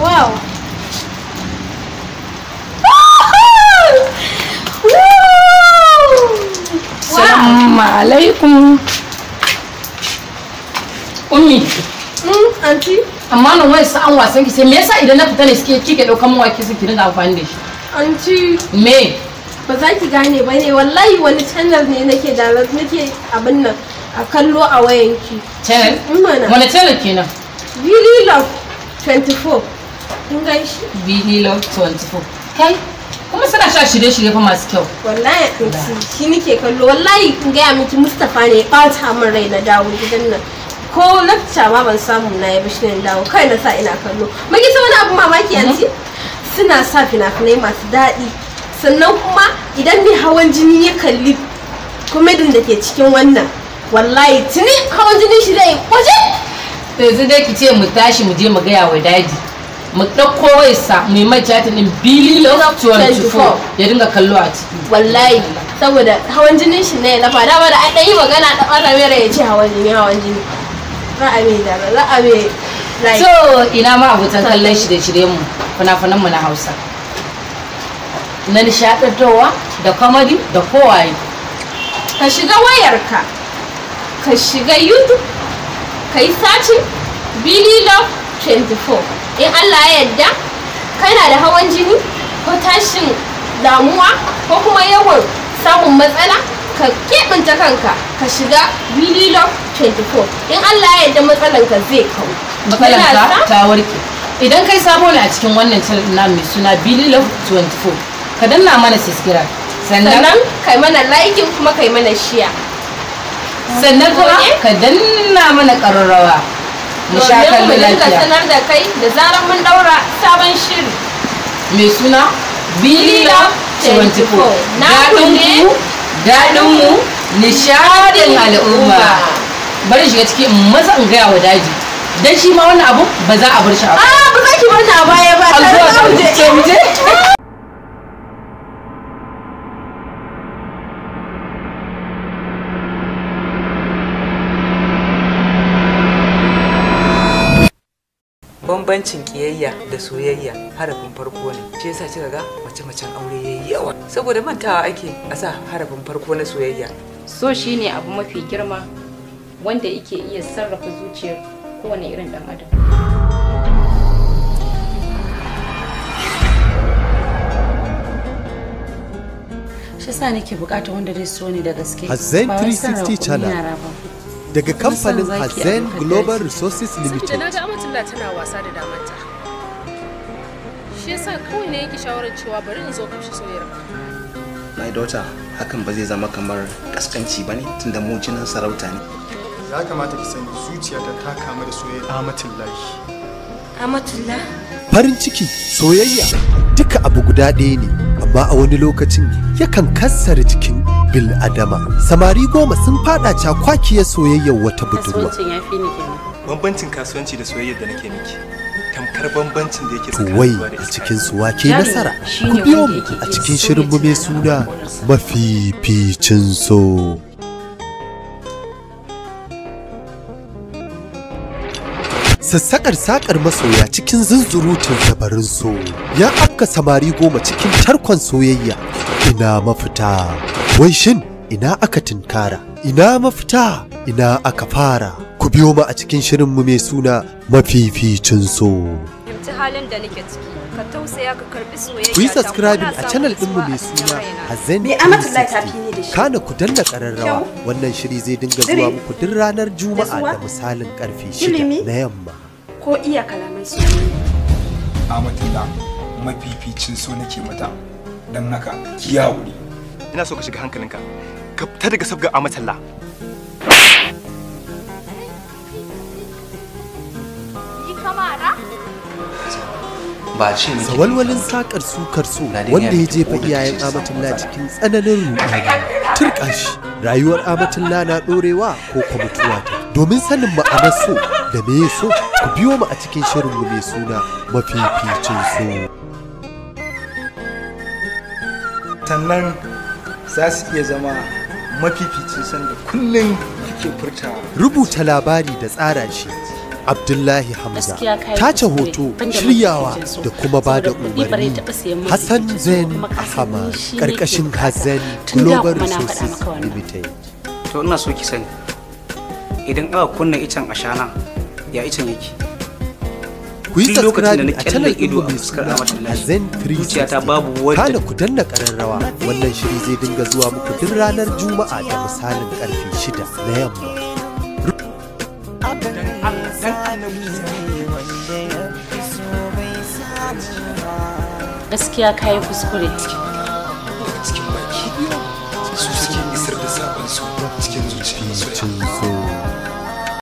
Wow. Salamu alaikum. Ummi. Mm, anti. Amma nan wai sa'an wasan ki sai me yasa idan na fita ne suke kike daukan mawaki suke dinga amfani da shi? Anti. Me? Ba za ki gane ba ne wallahi wani channel ne nake da nake abin nan a kallo a wayanki. Channel? Wani channel kenan? Really love 24. kin gan shi Billy Love 24 kai kuma suna sha shirye-shirye fa masu kyau wallahi shi nake kallo wallahi kin gaya miki Mustapha ne ya ɓata min rai na dawo gidan nan ko lakta ma ban samu na yabi shi ne dawo kai na sa ina kallo mun san wani abu mamaki mhm. yanzu suna sa fina-finai masu daɗi sannan kuma idan mai hawan jini ya kalli komedin da ke cikin wannan wallahi tuni hawan jini shi zai kwaje yanzu dai ki ce mu tashi mu je mu gaya wa daji mu ɗauko waisa yi mai jati din bili love 24 ya dinga kallo a ciki wallahi saboda hawan jinin shi ne na fada ba da an yi magana da ƙwararra ya ce hawan jini hawan jini ra'ame da ra'ame so ina ma abutan kallon shi da shirye mu fina mu na hausa na nishaɗantarwa da kwamari da kowaye ka shiga wayarka ka shiga youtube ka yi sacin bili love 24 in Allah ya yarda kana da hawan jini ko tashin damuwa ko kuma yawan samun matsala ka keɓinta kanka ka shiga Willy Love 24 in Allah ya yarda matsalanka zai kawo matsalanka ta warke idan kai samu ne a cikin wannan channel na mai suna Billy Love 24 ka danna mana subscribe sannan kai mana like kuma kai mana share sannan kuma ka danna mana ƙararrawa mu sha kallo lafiya sanar da kai da zarar mun daura sabon shiri mai suna bila 24 na daɗin mu. nishadin al'umma bari shiga ciki matsa in gaya wa daji dan shi ma wannan abu ba za a bar shi a ah, ba za ki bar ni a baya ba alzuwa bambancin kiyayya da soyayya harafin farko ne shi yasa kika ga mace macen aure yayi yawa saboda mantawa ake a sa harafin farko na soyayya so shine abu mafi girma wanda yake iya sarrafa zuciyar kowane irin dan adam shi sa nake bukatar wanda zai so ne da gaske Hazzen 360 Channel daga kamfanin Hazen Global Resources Limited. Saboda na ga Amatullah tana wasa da damanta. Shi yasa kawai ne yanke shawarar cewa bari in zo kamshi soyayyar My daughter, hakan ba zai zama kamar kaskanci ba ne tunda mu jinin sarauta ne. Ya kamata ki sani zuciyata ta kama da soyayyar Amatullah. Amatullah? farin ciki soyayya duka abu guda ɗaya ne amma a wani lokacin yakan kassara jikin bil adama samari goma sun fada kwakiyar soyayya wata budurwa bambancin kasuwanci da soyayyar da nake miki tamkar bambancin da yake tsakanin a cikin su wake nasara ku biyo mu a cikin shirin mu mai suna mafificin so sassakar sakar masoya cikin zunzurutun dabarun so ya afka samari goma cikin tarkon soyayya ina mafita wai shin ina aka tinkara ina mafita ina aka fara ku biyo mu a cikin shirinmu mai suna mafificin so fahimci halin da nake ciki ka tausaya ka karbi soyayya ku yi subscribing a channel ɗinmu mai suna hazan me amatu life ne da shi kana ku danna ƙararrawa, wannan shiri zai dinga zuwa muku duk ranar juma'a da misalin karfe 6 na yamma ko iya kalaman soyayya amatila mafificin so nake mata don haka ki haƙuri ina so ka shiga hankalinka ka fita daga sabgar amatalla ba ce ne walwalin sakar sukar so wanda ya jefa iyayen Amatulla cikin tsananin ruɗu turka shi rayuwar Amatulla na ɗorewa ko kuma mutuwa domin sanin ma'anar so da me so ku biyo mu a cikin shirinmu mai suna mafificin so. sannan za su iya zama mafificin da kullum kake furtawa. Rubuta labari da tsara shi Abdullahi Hamza tace hoto shiryawa da kuma ba da umarni Hassan Zain Ahmad karkashin Hassan Global Resources Limited. To ina so ki sani idan aka kunna icen ashana ya icen yake ku yi subscribe a channel ido a fuskar a zuciya ta babu wanda kana ku danna kararrawa wannan shiri zai dinga zuwa muku duk ranar juma'a da misalin karfe 6 na yamma gaskiya kayi kuskure